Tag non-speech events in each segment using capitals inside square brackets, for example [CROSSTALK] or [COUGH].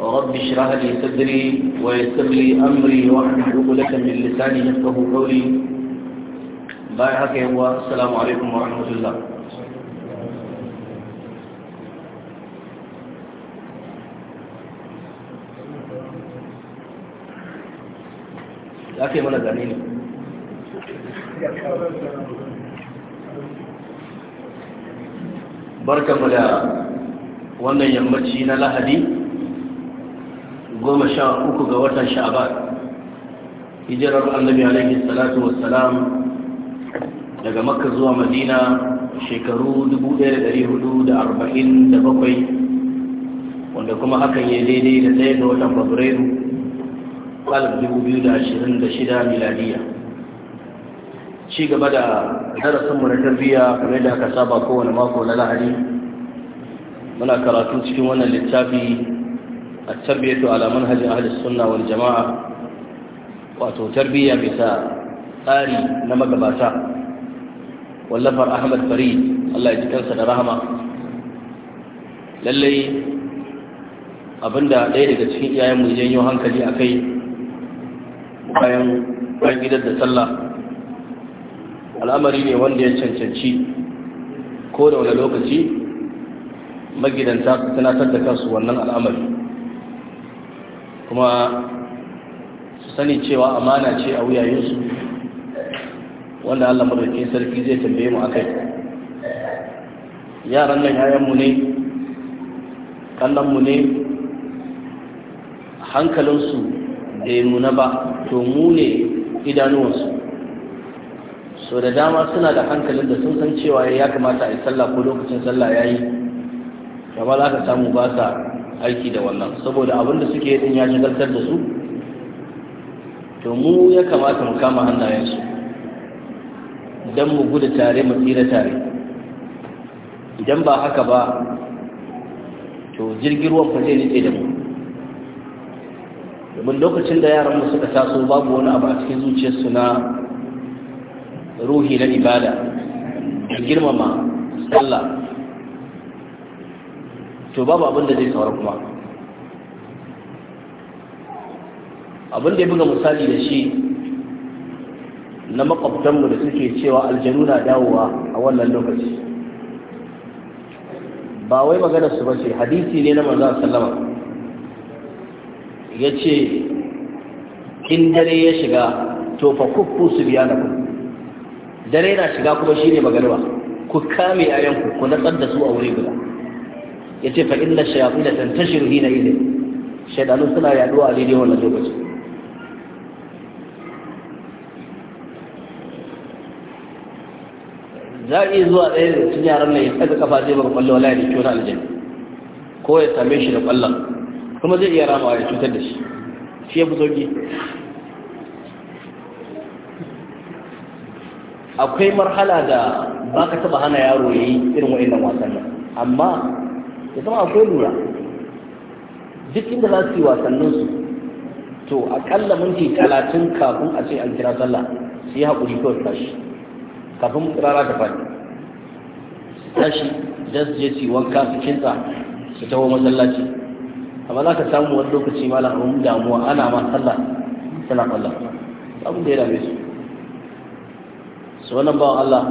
رب اشرح لي صدري ويسر لي امري واحلل عقدة من لساني يفقهوا قولي بايعك هو السلام عليكم ورحمة الله لكن ولا زعلانين بركة da wannan yammaci لا حديث goma sha uku ga watan sha'abar hijirar annabi alaihi salatu wassalam daga makka zuwa madina shekaru 1447 wanda kuma hakan ya daidai da daya ga watan fabrairu 2026 miladiya ci gaba da darasinmu na tarbiyya kamar da aka saba kowane mako na lahari muna karatu cikin wannan littafi التربية على منهج أهل السنة والجماعة وتربية بسا قاري نمج باتا واللفر أحمد فريد الله da رحمه lallai abinda ɗaya daga cikin iyayenmu janyo hankali a kai bayan bayan gidan da sallah al'amari ne wanda ya cancanci ko da wani lokaci magidanta su tunatar da kansu wannan al'amari kuma su sani cewa amana ce a wuyayensu wanda allah madaukin sarki zai tambaye mu akai yaran nan yayanmu ne kallonmu ne hankalinsu bai nuna ba to mu ne idanuwansu so da dama suna da hankalin da sun san cewa ya kamata a yi sallah ko lokacin sallah ya yi kamar aka samu ba sa aiki da wannan saboda abin da suke din ya shigaltar da su to mu ya kamata mu kama hannayensu don mu gudu tare mu tsira tare idan ba haka ba to jirgin fa zai nitse da mu domin lokacin da yaran mu suka taso babu wani abu a cikin zuciyarsu na ruhi na ibada girmama allah to babu abin da zai saura kuma abin da ya buga misali da shi na makwabtanmu da suke cewa aljanu na dawowa a wannan lokaci ba wai magana su ba ce hadisi ne na manzo sallama ya ce in dare ya shiga to fa kuku su biya na dare na shiga kuma shine magana ku kame ayanku ku natsar da su a wuri guda Ya ce fa inna shayatin tantashiru na idin shaidanu suna yaduwa a daidai wannan lokaci za a iya zuwa ɗaya da cin yaran nan ya tsaga kafa zai baka kwallo wala ya da kyona aljanna ko ya same shi da kwallon kuma zai iya ramawa ya cutar da shi shi ya fi akwai marhala da ba ka taba hana yaro ya yi irin wa'in wasan nan amma ya zama akwai lura duk inda za su yi wasannin su to akalla minti talatin kafin a ce an kira sallah su yi haƙuri kawai tashi kafin rara ta fadi tashi da su je su wanka su kinta su taho masallaci amma za ka samu wani lokaci ma lahamun damuwa ana ma sallah tana kwallon abin da ya dame su su wannan bawan Allah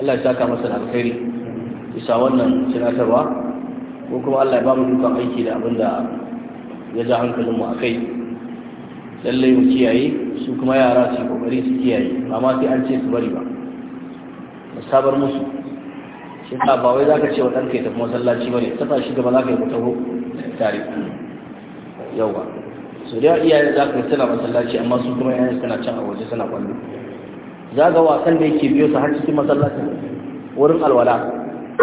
Allah ya saka masa alkhairi bisa wannan tunatarwa ko kuma Allah ya ba mu dukkan aiki da abin da ya ja hankalin mu akai lallai mu kiyaye su kuma yara su kokari su kiyaye ba ma sai an ce su bari ba mu sabar musu shi ta ba wai zaka ce wa ɗanka ya tafi masallaci bane ta fa shi gaba zaka yi ku taho tare yawa so da iyaye za ka suna masallaci amma su kuma yayin suna can a waje suna kwallo za ga wasan da yake biyo su har cikin masallacin wurin alwala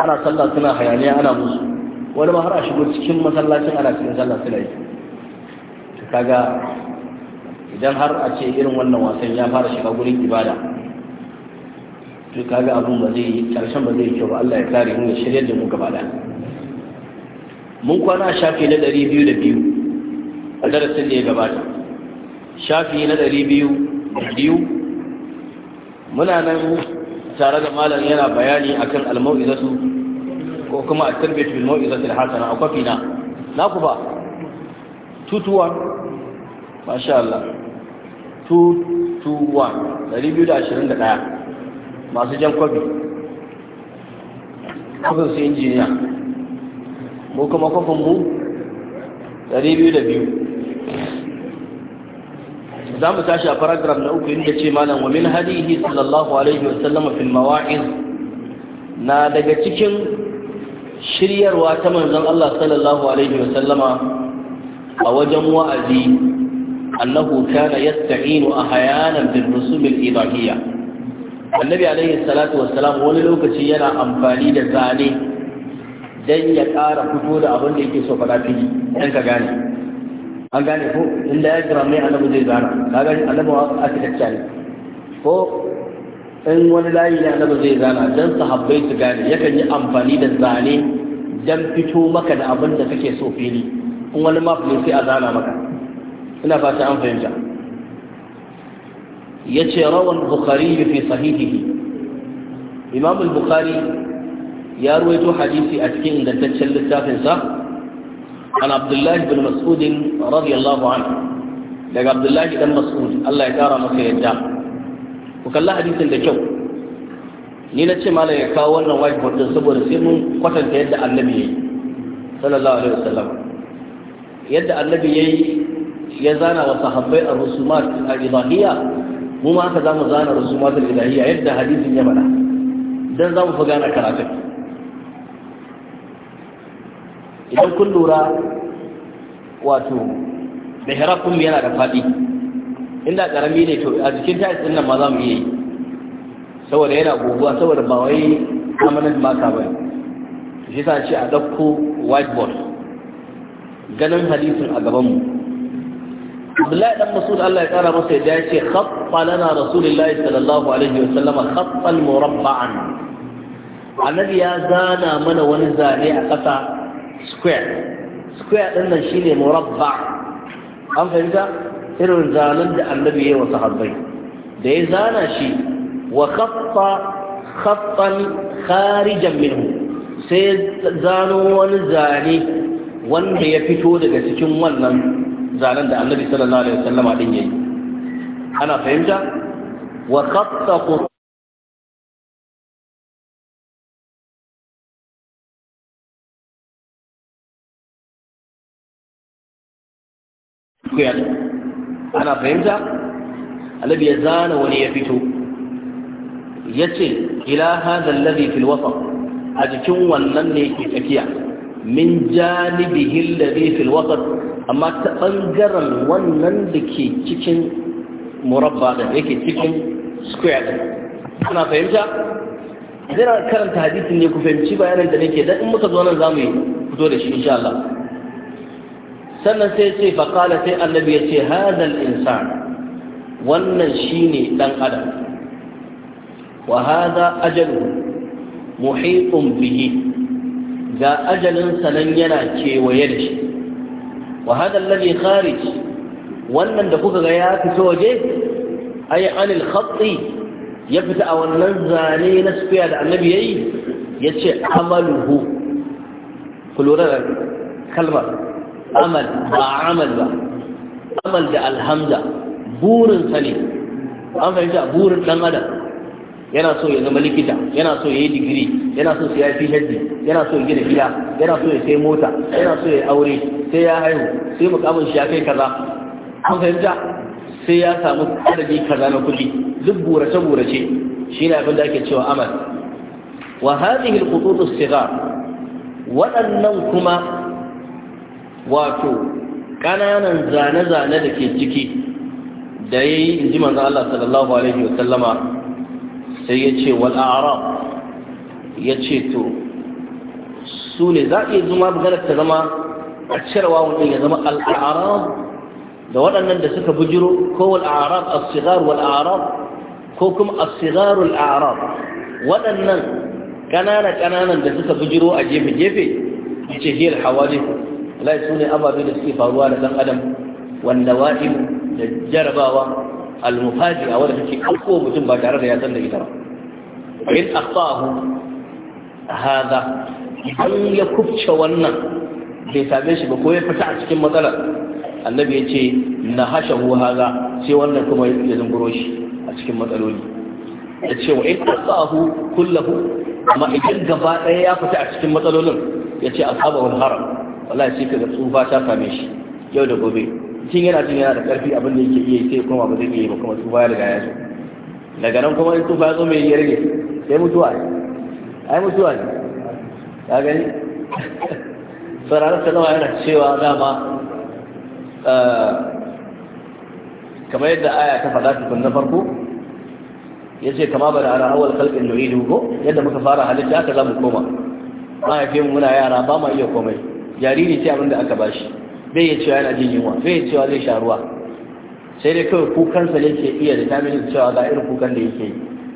ana sallah suna hayaniya ana musu wani ma har a shigo cikin masallacin ana cikin sallah sai yi kaga idan har a ce irin wannan wasan ya fara shiga gurin ibada to kaga abun ba zai yi karshen ba zai kyau ba Allah ya kare mu ya shirya da mu gaba da mun kwana shafi na 202 a darasin da ya gabata shafi na 202 muna nan tare da malam yana bayani akan almau'izatu ko kuma a tarbiyatu bil mau'izatil hasana a kwafi na na ku ba 221 masha Allah 221 221 masu jan kwafi kwafin su injiniya mu kuma kwafin mu 202 za mu tashi a paragraf na uku inda ce malam wa min hadihi sallallahu alaihi wasallam fil mawa'iz na daga cikin shiryarwa ta manzon Allah sallallahu alaihi wasallama a wajen wa'azi annahu kana ya yasta'inu a hayanan rusul al ibahiyya annabi alaihi salatu wassalam wani lokaci yana amfani da zane don ya ƙara fito da abin da yake so faɗa fili dan ka gane an gane ko inda ya jira mai annabi zai zana ka gane annabi architecture ne ko in wani layi ya nabi zai zana dan sahabbai su gane yakan yi amfani da zane dan fito maka da abin da kake so fili in wani map ne sai a zana maka ina fata an fahimta ya ce rawan bukhari fi sahihihi imam al-bukhari ya ruwaito hadisi a cikin ingantaccen littafin sa an abdullahi bin mas'ud radiyallahu anhu daga abdullahi dan mas'ud Allah ya kara masa yadda ku kalla hadisin da kyau ni na ce malam ya kawo wannan whiteboard din saboda sai mun kwatanta yadda annabi yayi sallallahu alaihi wasallam yadda annabi yayi ya zana wa sahabbai ar-rusumat a idahiyya mu ma haka mu zana rusumat al-idahiyya yadda hadisin ya bada dan mu fi gane karatun idan kun lura wato mihrab kun yana da faɗi. inda karami ne to a jikin tiles din nan ma za mu iya yi saboda yana goguwa saboda ba wai permanent marker ba shi sa ce a ɗauko whiteboard ganin hadisin a gaban mu. Abdullahi dan Masud Allah ya kara masa ya ce khaffa lana Rasulullahi sallallahu alaihi wa sallam, khaffan murabba'an Annabi ya zana mana wani zane a ƙasa square square din nan shine murabba an fahimta irin zanen da annabi ya yi wa da ya zana shi wa khaffa khaffan kharijan minhu sai zano wani zane wanda ya fito daga cikin wannan zanen da annabi sallallahu alaihi wasallama din yayi ana fahimta wa khaffa ku ana fahimta annabi ya zana wani ya fito ya ce ila hadha alladhi fil wasat a jikin wannan ne ke tsakiya min janibihi alladhi fil wasat amma ta bangaren wannan da ke cikin murabba da yake cikin square din ana fahimta idan karanta hadisin ne ku fahimci bayanan da nake dan in muka zo nan zamu fito da shi insha Allah sannan sai ce faƙala sai annabi ya ce hadal insan wannan shine ɗan adam wa hadha ajalu muhitun bihi ga ajalin sanan yana kewaye da shi wa hadha kharij wannan da kuka ga ya fito waje ay anil khatti ya fita a wannan zane na sufiya da annabi yayi yace amaluhu kulura kalmar amal ba amal ba amal da alhamza burinsa ne an fahimta burin ɗan adam yana so ya zama likita yana so ya yi digiri yana so ya fi hajji yana so ya gina gida yana so ya sai mota yana so ya aure sai ya haihu sai mukamin shi ya kai kaza an fahimta sai ya samu adadi kaza na kuɗi duk burace burace shi ne abin da ake cewa amal wa hadhihi al as-sighar waɗannan kuma wato ƙananan zane-zane da ke ciki da ya yi inji manzan Allah sallallahu Alaihi wasallama sai ya ce wal'ara ya ce to su ne za a iya zuma maganar ta zama a cirewa wani ya zama al'ara da waɗannan da suka bujiro ko wal'arab asigar wal'arab ko kuma a asigar al'arab waɗannan ƙanana-ƙananan da suka bujiro a gefe-gefe ce hiyar hawali wallahi sune ne ababe da suke faruwa da ɗan adam wanda wa'im da jarabawa almufaji a wadda take ɗauko mutum ba tare da ya san da ita ba in akhtahu hada an ya kubce wannan bai same shi ba ko ya fita a cikin matsalar annabi ya ce na hasha haza sai wannan kuma ya zunguro shi a cikin matsaloli ya ce wa in asahu kullahu amma idan gaba ɗaya ya fita a cikin matsalolin ya ce asaba wal haram wallahi sai kaga tsufa ta same shi yau da gobe mutum yana jin yana da karfi abin da yake iya sai kuma ba zai iya ba kuma tsufa ya riga ya zo daga nan kuma tsufa ya zo mai ya rage sai mutuwa ne ai mutuwa ne ka gani [LAUGHS] sararin sanawa yana cewa dama eh, kamar yadda aya ta faɗa tukun na farko ya ce kama ba da ana awal kalbin nuridu ko yadda muka fara halitta aka za mu koma ma ya fi muna yara ba ma iya komai jariri sai abinda aka bashi bai ya cewa yana jin yunwa bai ya cewa zai sha ruwa sai dai kawai kukansa ne ke iya determining cewa ga irin kukan da yake yi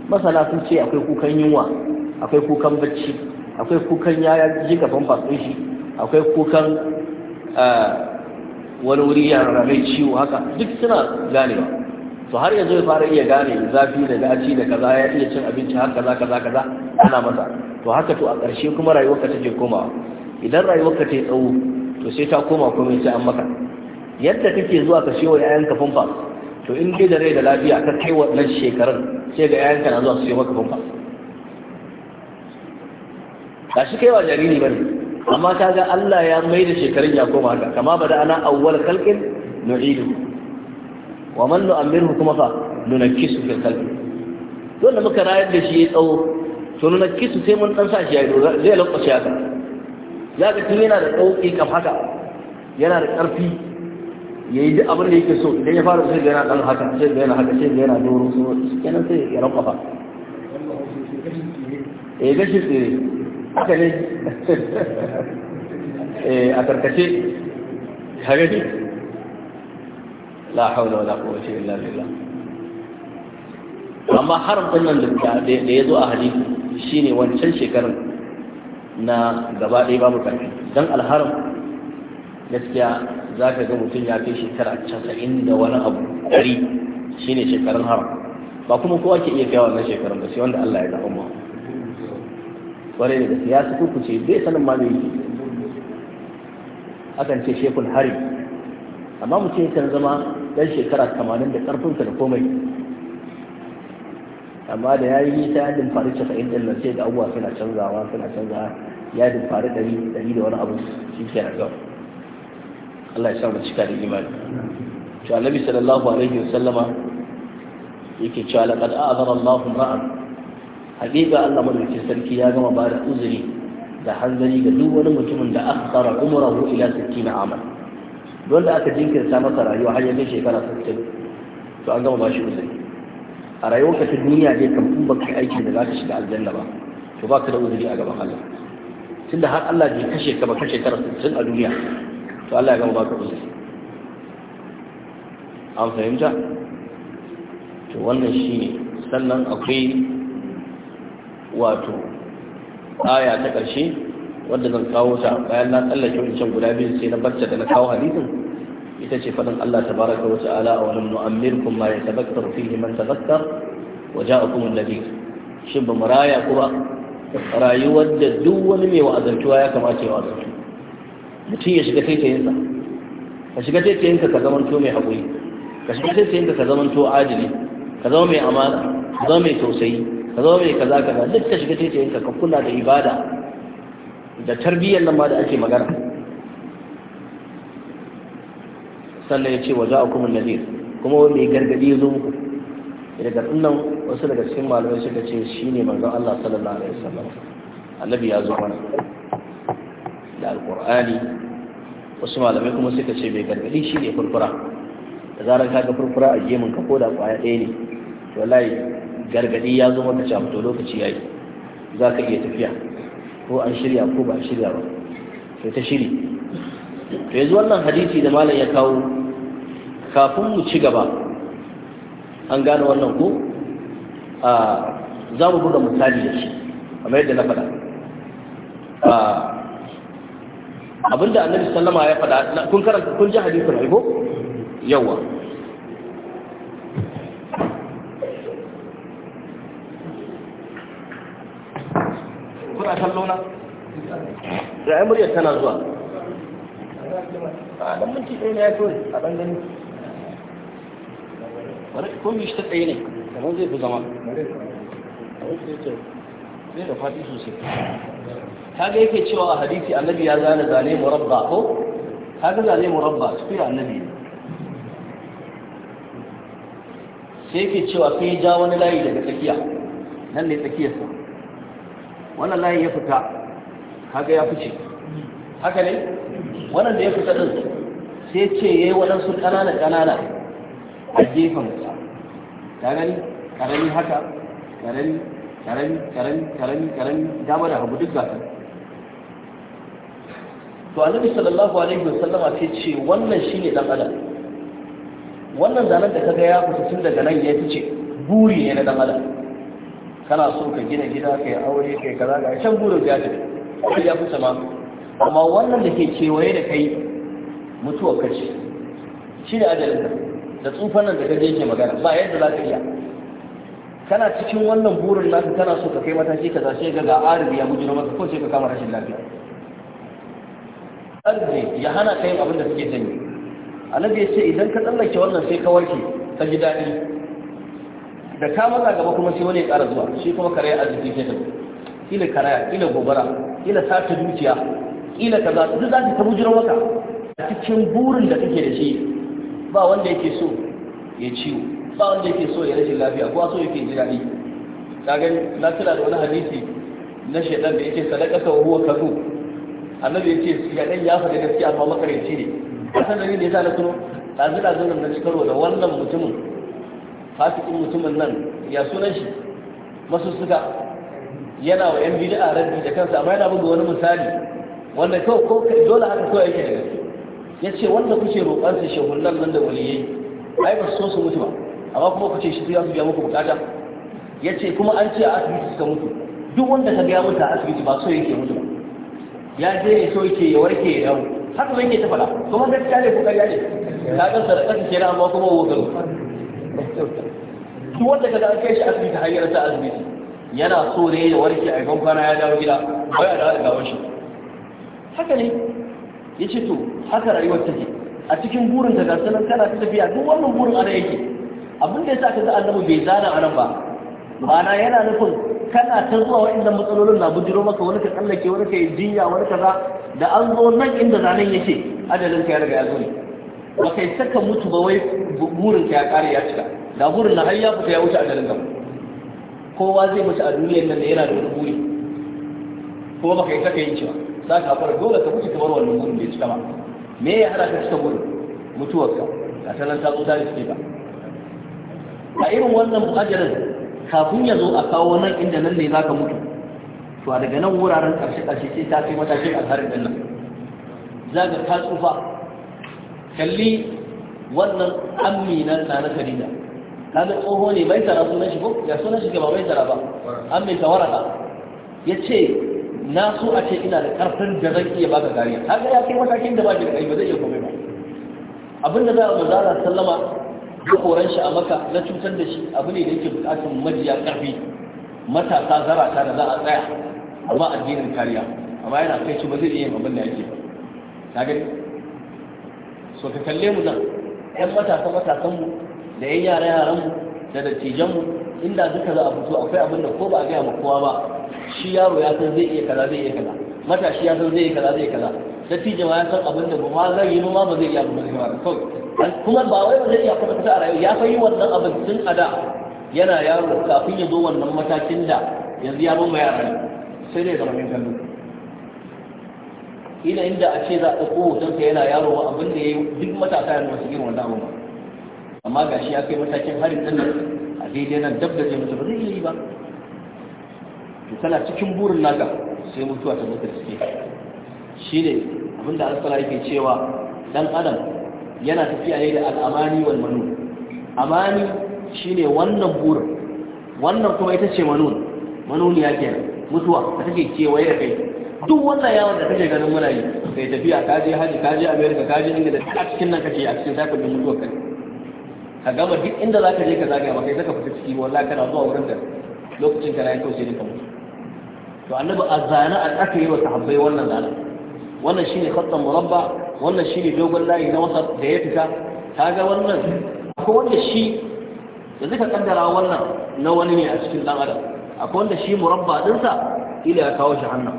masana sun ce akwai kukan yunwa akwai kukan bacci akwai kukan ya ji kafan fatsun shi akwai kukan wani wuri ya rarrabe ciwo haka duk suna ganewa to har yanzu ya fara iya gane zafi da gaci da kaza ya iya cin abinci har kaza kaza kaza ana masa to haka to a ƙarshe kuma rayuwarka take komawa idan rayuwarka ta yi tsawo to sai ta koma komai sai an maka yadda kake zuwa ka siyo yayan yayanka famfa to in dai da rai da lafiya ka kai wannan shekarun sai ga yayanka na zuwa su siyo maka famfa ga shi kai wa jariri bane amma ka ga Allah ya mai da shekarun ya koma ka kama bada ana awwal khalqin nu'idu wa man nu'ammirhu kuma fa nunakkisu fil khalqi dole muka rayar da shi ya tsawo to nunakkisu sai mun dan sa shi ya zai lokaci haka ya ka tun yana da tsauke kam haka yana da ƙarfi ya yi abin da yake so idan ya fara sai yana ɗan haka sai yana haka sai yana doro su kenan sai ya rankwafa yi eh, gashi tsere haka ne [LAUGHS] eh, a karkace haka gashi la haula wala quwwata illa billah amma haramta nan da ya zo a hadisi shine wancan shekarar na gaba ɗaya babu ƙarfi don alharam gaskiya za ka ga mutum ya kai shekara casa'in da wani abu shi shine shekarun haram ba kuma kowa ke iya kaiwa wannan shekarun ba sai wanda Allah ya zaɓa mu ƙwarai da gaskiya su kukuce bai sanin ma mai akan ce shekul hari amma mutum kan zama ɗan shekara tamanin da ƙarfinsa da komai amma da ya yi nisa ya dimfari casa'in ɗin nan sai da abubuwa suna canzawa suna canzawa ya dimfari ɗari dari da wani abu shi ke nan gaba Allah ya sa mu cika da imani to annabi sallallahu alaihi wa sallama yake cewa laqad a'zara Allahu ma'an haƙiƙa Allah madaukakin sarki ya gama ba da uzuri da hanzari ga duk wani mutumin da aka akhara umrahu ila 60 amal don da aka jinkirta masa rayuwa har ya kai shekara 60 to an gama ba shi uzuri a rayuwarka ta duniya ne kan kun baka aiki da za ka shiga aljanna ba to ba ka da uzuri a gaban Allah tunda har Allah bai kashe ka ba kashe ka tun a duniya to Allah ya gama baka uzuri an fahimta to wannan shi ne sannan akwai wato aya ta ƙarshe wadda zan kawo ta bayan na tsallake wancan guda biyu sai na barca da na kawo hadisin ita ce faɗin Allah ta baraka wa ta'ala a wani nu'ammirkum ma yatadhakkar fihi man tadhakkar wa ja'akum an-nabi shin ba muraya ku ba rayuwar da duk wani mai wa'azantuwa ya kamata ya wa'azantu mutum ya shiga taitayinsa ka shiga taitayinka ka zamanto mai haƙuri ka shiga taitayinka ka zamanto adili ka zama mai amana ka zama mai tausayi ka zama mai kaza kaza duk ka shiga taitayin ka ka kula da ibada da tarbiyyar nan ma da ake magana sannan ya ce wa za a an-nadhir kuma wanda ya gargadi ya zo muku daga nan wasu daga cikin malamai suka ce shi shine manzon Allah sallallahu alaihi wasallam annabi ya zo mana da alqur'ani wasu malamai kuma suka ce bai gargadi shi ne furfura da zarar ka ga furfura a gemun ka ko da kwaya ɗaya ne wallahi gargadi ya zo maka cewa to lokaci yayi za ka iya tafiya ko an shirya ko ba shirya ba sai ta shiri to yanzu wannan hadisi da malam ya kawo kafin mu ci gaba an gane wannan ko a za mu buga misali da shi kamar yadda na faɗa abinda annabi sallama ya faɗa kun karanta kun ji hadisin aiko yawa kuna kallona na ga murya tana zuwa a minti ɗaya ne ya tori a ɗan gani bari ko mi shi ta ɗaya ne kamar zai fi zama zai da faɗi sosai ga yake cewa a hadisi annabi ya zane zane murabba ko ga zane murabba su fiye annabi sai yake cewa sai ya ja wani layi daga tsakiya nan ne tsakiyarsa wannan layi ya fita kaga ya fice haka ne wannan da ya fita din sai ce ya yi waɗansu ƙanana ƙanana a gefen sa ƙarami ƙarami haka ƙarami ƙarami ƙarami ƙarami ƙarami dama da hagu duk gasa to annabi sallallahu alaihi wasallama sai ce wannan shine dan adam wannan zanen da ka ya fita tun daga nan ya fice buri ne na dan adam kana so ka gina gida kai aure kai kaza ga shan burin ya tafi ya fita ma amma wannan da ke kewaye da kai mutuwar kashi shi ne ajalinka da tsufan nan da ka yake magana ba yadda za ka iya kana cikin wannan burin nasu tana so ka kai mataki ka zashe ga ga arabi ya bujina maka ko sai ka kama rashin lafiya arziki ya hana ka yin abin da suke sani annabi ya ce idan ka tsallake wannan sai ka warke ka ji daɗi da ka maza gaba kuma sai wani ya ƙara zuwa shi kuma karaya arziki ke da ila karaya ila gobara ila sata dukiya ila kaza duk za ta bujirar maka cikin burin da kake da shi ba wanda yake so ya ciwo ba wanda yake so ya rashin lafiya ko so yake ji daɗi ka gani na tura da wani hadisi na shaidan da yake sadaka ta huwa kafu annabi ya ce shaidan ya faɗi gaskiya amma makarici ne kasan da ne ya na tuno ɗazu ɗazu nan na ci da wannan mutumin fasikin mutumin nan ya sunan shi masu suka yana wa yan bid'a rabbi da kansa amma yana buga wani misali wanda kawai ko dole haka kawai yake da gaske ya ce wanda kuke su shehunan nan da waliyai ai ba so su mutu ba amma kuma kuce shi ya su biya muku bukata ya ce kuma an ce a asibiti suka mutu duk wanda ka biya mutu a asibiti ba so yake mutu ba ya je ya so yake ya warke ya dawo haka zai ke ta fada kuma da ne ko ƙarya ne ta ga sadaka ta kenan amma kuma wa garo duk wanda ka ga kai shi asibiti hanyar ta asibiti yana so ne ya warke a kwana ya dawo gida ba ya dawo da gawar shi haka ne ya ce to haka rayuwar take a cikin burin da gasar kana ta tafiya duk wannan burin ana yake abin da ya sa ka ga annabi bai zana a nan ba ma'ana yana nufin kana ta zuwa wa'annan matsalolin na bujiro maka wani ka tsallake wani ka yi jinya wani ka za. da an zo nan inda zanen yake adalin ka ya riga ya zo ne ba kai saka mutu ba wai burin ka ya kare ya cika da burin na har ya fita ya wuce adalin ka kowa zai mutu a duniyar nan da yana da wani buri ko ba kai saka yin cewa. za ka haƙura dole ka mutu kamar wannan gurin da ya cika ba me ya hana ka cika gurin mutuwarka a sanar ta zo ta riske ba a irin wannan ajarin kafin ya zo a kawo nan inda nan ne za ka mutu to a daga nan wuraren ƙarshe ƙarshe sai ta kai matakin alharin ɗin nan za ka ta tsufa kalli wannan ammi na na Khadija kaga tsoho ne bai tara sunan shi ko ya sunan shi ba bai tara ba ammi ta waraka ce. na so a ce ina da karfin da zan iya baka kariya Haka ya kai matakin da ba shi da kai ba zai iya komai ba abin da za a manzara sallama da koran shi a maka na cutar da shi abu ne da yake bukatun majiya karfi matasa zarata da za a tsaya amma addinin kariya amma yana kai shi ba zai iya yin abin da yake ta gani so ka kalle mu nan yan matasa matasan mu da yan yara yaran mu da dattijan mu inda duka za a fito akwai abin da ko ba a gaya ma kowa ba shi yaro ya san zai iya kaza zai iya kaza matashi ya san zai iya kaza zai iya kaza dattijo jama'a ya san abin da ba ma zai yi ma ba zai iya abin da kawai kuma ba wai ba zai iya kuma ta a rayuwa ya fa yi wannan abin tun a da yana yaro kafin ya zo wannan matakin da yanzu ya bamba yara sai dai zama min kallo ina inda a ce za a ɗauko ka yana yaro ma abin da ya yi duk matasa yana masu irin wannan abin amma shi ya kai matakin harin ɗin a daidai nan dab da zai mutu ba zai yi ba to tana cikin burin naka sai mutuwa ta mutu suke shi ne abinda alfala yake cewa dan adam yana tafiya ne da al'amani wal manun amani shine wannan burin wannan kuma ita ce manun manun ya ke mutuwa ta take kewaye da kai duk wannan yawon da kake ganin muna yi kai tafiya ka je haji ka je america ka je ingila a cikin nan kake a cikin sakon mutuwa kai ka gama duk inda za ka je ka zagaya ba kai saka fita ciki wallahi kana zuwa wurin da lokacin na yau sai ka mutu to annabi a zana a aka yi wa sahabbai wannan zana wannan shine khattan murabba wannan shine dogon layi na wasa da ya fita ga wannan akwai wanda shi da zaka kaddara wannan na wani ne a cikin dan adam akwai wanda shi murabba din sa ila ya kawo shi hannan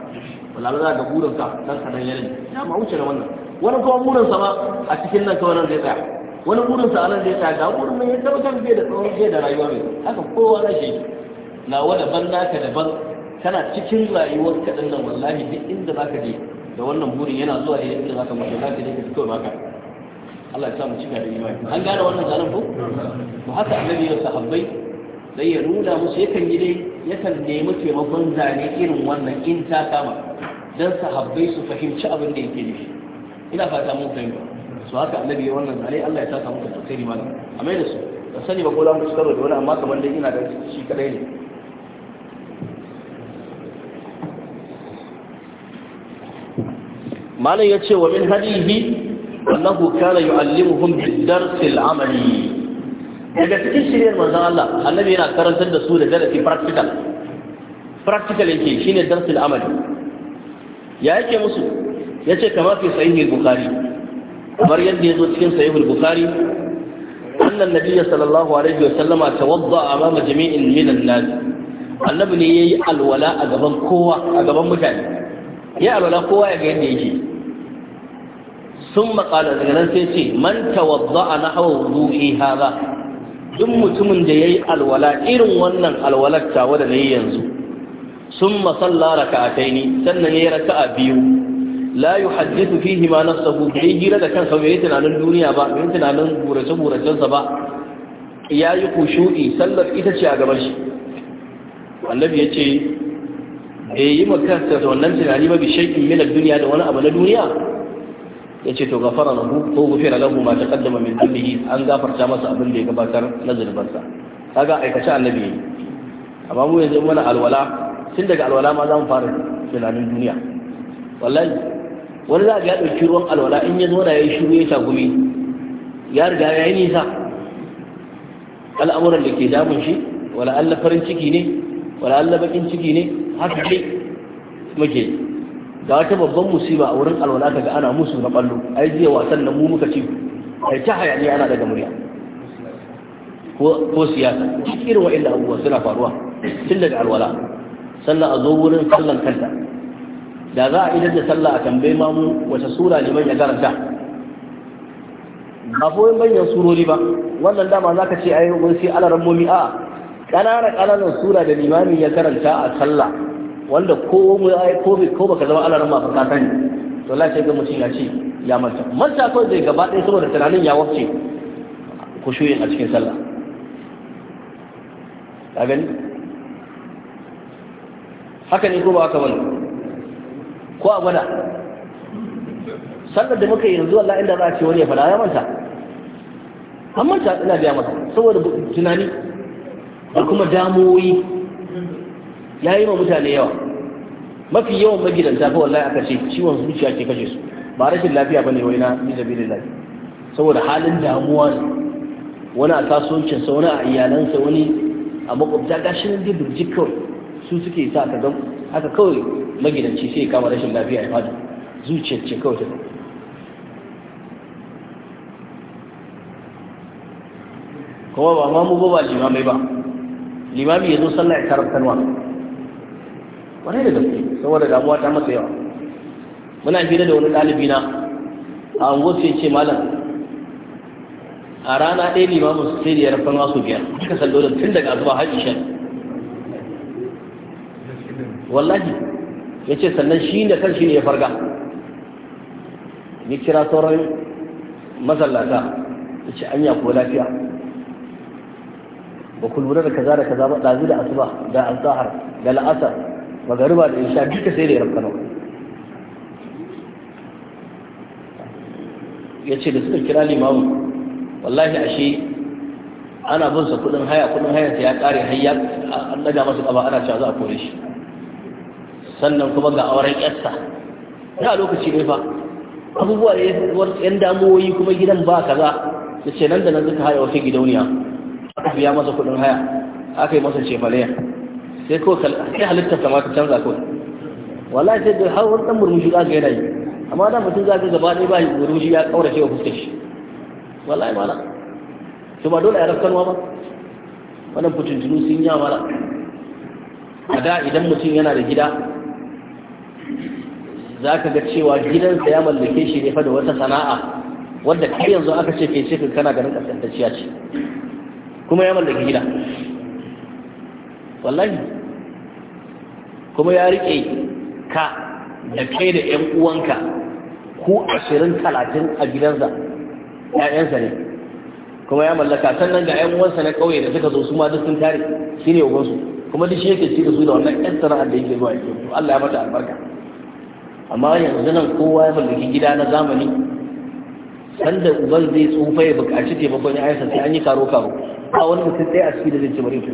wallahi za ka burin ka dan sanan yanin ya ma wuce da wannan wani kuma burin sa ma a cikin nan kawai nan zai tsaya wani burin sa anan da ya taka burin mai ya tabbatar bai da tsawon bai da rayuwa mai haka kowa na shi na wani ban naka daban kana cikin rayuwar ka din nan wallahi duk inda zaka je da wannan burin yana zuwa da inda zaka mutu zaka je ka fito maka Allah ya sa mu cika da imani an gane wannan zalim ko to haka annabi ya sahabbai dai ya nuna musu yakan yi dai yakan nemi taimakon zane irin wannan in ta kama dan sahabbai su fahimci abin da yake nufi ina fata mun fahimta su haka annabi ya wannan zare Allah ya saka muku alkhairi mana, a mai da su ba sani ba ko za mu ci da wani amma kamar dai ina da shi kadai ne malam ya ce wa min hadihi annahu kana yu'allimuhum bid-darsil amali daga cikin shirin manzon Allah annabi yana karantar da su da darasi practical practical yake shine darsul amali ya yake musu yace kamar fi sahihi bukhari kamar yadda ya zo cikin sahihul bukhari Wannan nabiyya sallallahu alaihi wasallama tawadda amama jami'in minan nas annabi ne yayi alwala a gaban kowa a gaban mutane ya alwala kowa ya ga yadda yake summa qala daga nan sai ce man tawadda nahwa wudu'i hadha duk mutumin da yayi alwala irin wannan alwalar tawa da nayi yanzu summa salla raka'ataini sannan ya yayi raka'a biyu la yuhaddithu fihi ma nafsuhu bai jira da kansa bai tunanin duniya ba bai tunanin burace buracensa ba ya yi kushu'i sallar ita ce a gaban shi annabi ya ce bai yi ma makarta da wannan tunani ba bishakin minar duniya da wani abu na duniya ya ce to gafara na, ko gufera lahu ma ta kaddama min dunihi an gafarta masa abin da ya gabatar na zunubansa kaga aikace annabi yi amma mu yanzu mana alwala tun daga alwala ma za mu fara tunanin duniya wallahi wani za a ya ɗauki ruwan alwala in ya da ya yi shiru ya tagumi ya riga ya yi nisa al'amuran da ke damun shi wala Allah farin ciki ne wala Allah bakin ciki ne haka ce muke ga wata babban musiba a wurin alwala kaga ana musu na ballo ai jiya wasan nan mu muka ci ai ta hayani ana daga murya ko siyasa duk irin wa'annan abubuwa suna faruwa tun daga alwala sannan a zo wurin sallan kanta da za a idan da sallah a tambaye mamu wace sura ne ya karanta ba koyon manyan surori ba wannan dama za ka ce a yi wani sai alaran momi a ƙanana ƙananan sura da limamin ya karanta a sallah wanda ko mu ai ko bai ko baka zama alaran ma ka sani to lafiya ga mutum ya ce ya manta manta kawai zai gaba ɗaya saboda tunanin ya wafce ku shuyin a cikin sallah ka gani haka ne ko ba haka wani ko a gwada sannan da muka yi yanzu Allah inda za a ce wani ya fada ya manta an manta ina biya masa saboda tunani da kuma damuwoyi ya yi ma mutane yawa mafi yawan magidanta fa wallahi aka ce ciwon zuciya ke kashe su ba rashin lafiya bane wai na mizabirin lafiya saboda halin damuwa ne wani a kasuwancinsa wani a iyalansa wani a makwabta gashi nan dai su suke sa ka zan haka kawai magidanci sai kama rashin lafiya ya fadi zuciyar ce kawai ta kuma ba ma mu ba limamai ba limami ya zo sallah ya karar kanwa wani da gaske saboda damuwa ta masa yawa muna hira da wani ɗalibi na a unguwar sai ce malam a rana ɗaya limamin su sai da ya rafa wasu biyar haka sallolin tun daga zuwa hajji shan wallahi ya ce sannan shi da kan shi ne ya farga ya kira sauran mazallata ya ce anya ko lafiya ba ku lura da kaza da kaza ba ɗazu da asuba da alzahar da la'asar magariba da insha duka sai da ya rafka nawa ya ce da suka kira limamu wallahi ashe ana bin sa kudin haya kudin haya ya kare hayya an daga masu kaba ana cewa za a kore shi sannan kuma ga auren yarsa da lokaci ne fa abubuwa ne yan damuwoyi kuma gidan ba kaza da ce nan da nan suka haya wata gidauniya aka biya masa kuɗin haya aka yi masa cefaliya. sai ko sai halittar sama ta canza ko wallahi sai da har wani dan murmushi za ka yana yi amma da mutum za ka gaba ɗaya ba murmushi ya shi wa fuskar shi wallahi mala to ba dole a rafkanwa ba wannan fitintunu sun yi mala a da idan mutum yana da gida za ka ga cewa gidansa ya mallake shi ne fa da wata sana'a wadda kai yanzu aka ce ke ce kana ganin kasantacciya ce kuma ya mallake gida wallahi kuma ya riƙe ka da kai da 'yan uwanka ku ashirin talatin a gidansa 'ya'yansa ne kuma ya mallaka sannan ga 'yan uwansa na ƙauye da suka zo su ma duk sun tare shi ne ubansu kuma duk shi yake ci da su da wannan 'yan sana'ar da yake zuwa yake Allah ya mata albarka amma yanzu nan kowa ya mallaki gida na zamani sanda ubal zai tsufa ya bukaci buƙaci taimakon ya sai an yi karo karo ba wani mutum sai a ciki da zai ce bari ku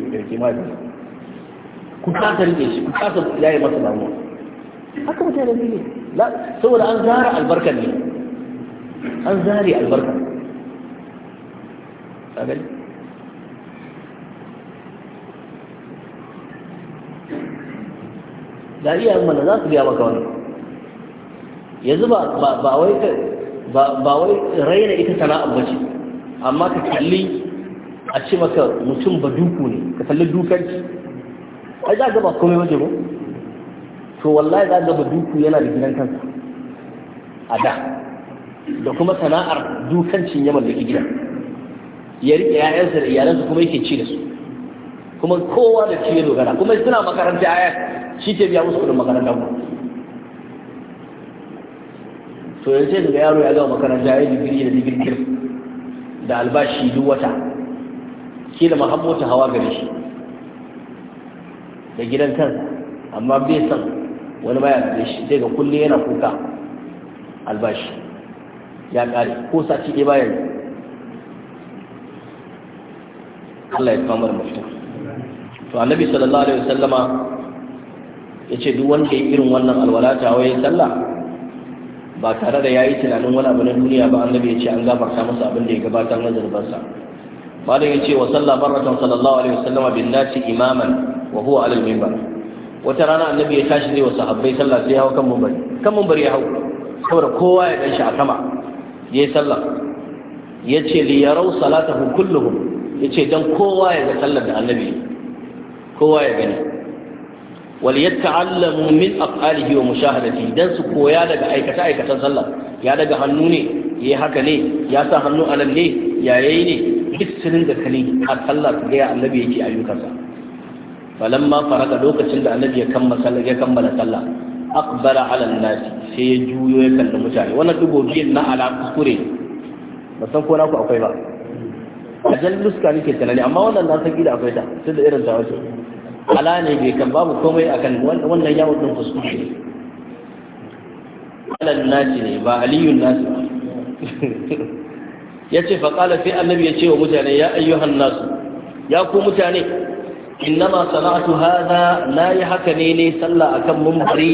ɗauke ma biyu ku kasa rike shi ku kasa ya yi masa damuwa haka mutane ne saboda an zara albarkar ne an zare albarkar a gani da iyayen mana za su biya maka wani yanzu ba ba wai ba wai raina ita sana'ar ce, amma ka kalli a ce maka mutum ba duku ne ka kalli dukanci a za ga ba kome waje ba to wallahi za ga ba duku yana da gidan kansa a da da kuma sana'ar dukancin ya da gida, ya riƙe ƴaƴansa da iyalansa kuma yake ci da su kuma kowa da ci ya dogara kuma suna makaranta ayyar shi ke biya musu kudin makarantar mu. to yanzu daga yaro ya gama makaranta ya yi digiri da digirgir da albashi duk wata kila ma mota hawa gare shi da gidan kan, amma bai san wani baya da shi daga kulle yana kuka albashi ya kare ko sati ɗaya bayan Allah ya kamar mutum to annabi sallallahu alaihi wasallama yace duk wanda ya irin wannan alwala ta waye sallah ba tare da ya yi tunanin wani abu na duniya ba annabi ya ce an gafarta masa abin da ya gabatar na zurbansa malam ya ce wa sallah barratan sallallahu alaihi wasallam bin nasi imaman wa huwa alal minbar wata rana annabi ya tashi zai wa sahabbai sallah sai ya hau kan mumbari kan mimbar ya hau saboda kowa ya ganshi a sama yayi sallah ce li yarau salatahu kulluhum ce don kowa ya ga sallar da annabi kowa ya gani wal yata'allamu min af'alihi wa mushahadati dan su koya daga aikata aikatan sallah ya daga hannu ne yayi haka ne ya sa hannu alal ne yayi ne duk da kani a sallah ga ya annabi yake ayyukansa falamma faraga lokacin da annabi ya kammala ya kammala sallah akbara sai ya juyo ya kalli mutane wannan dubo biyan na ala kuskure ba san ko naku akwai ba a jan luska nake tunani amma wannan na san gida akwai ta sai da irin ala ne bai kan babu komai a kan wannan yawon din kuskure alal nasi ne ba aliyun nasi ba ya ce faƙala sai annabi ya ce wa mutane ya ayyuhan nasu ya ku mutane innama sana'atu hada na yi haka ne ne sallah akan mumbari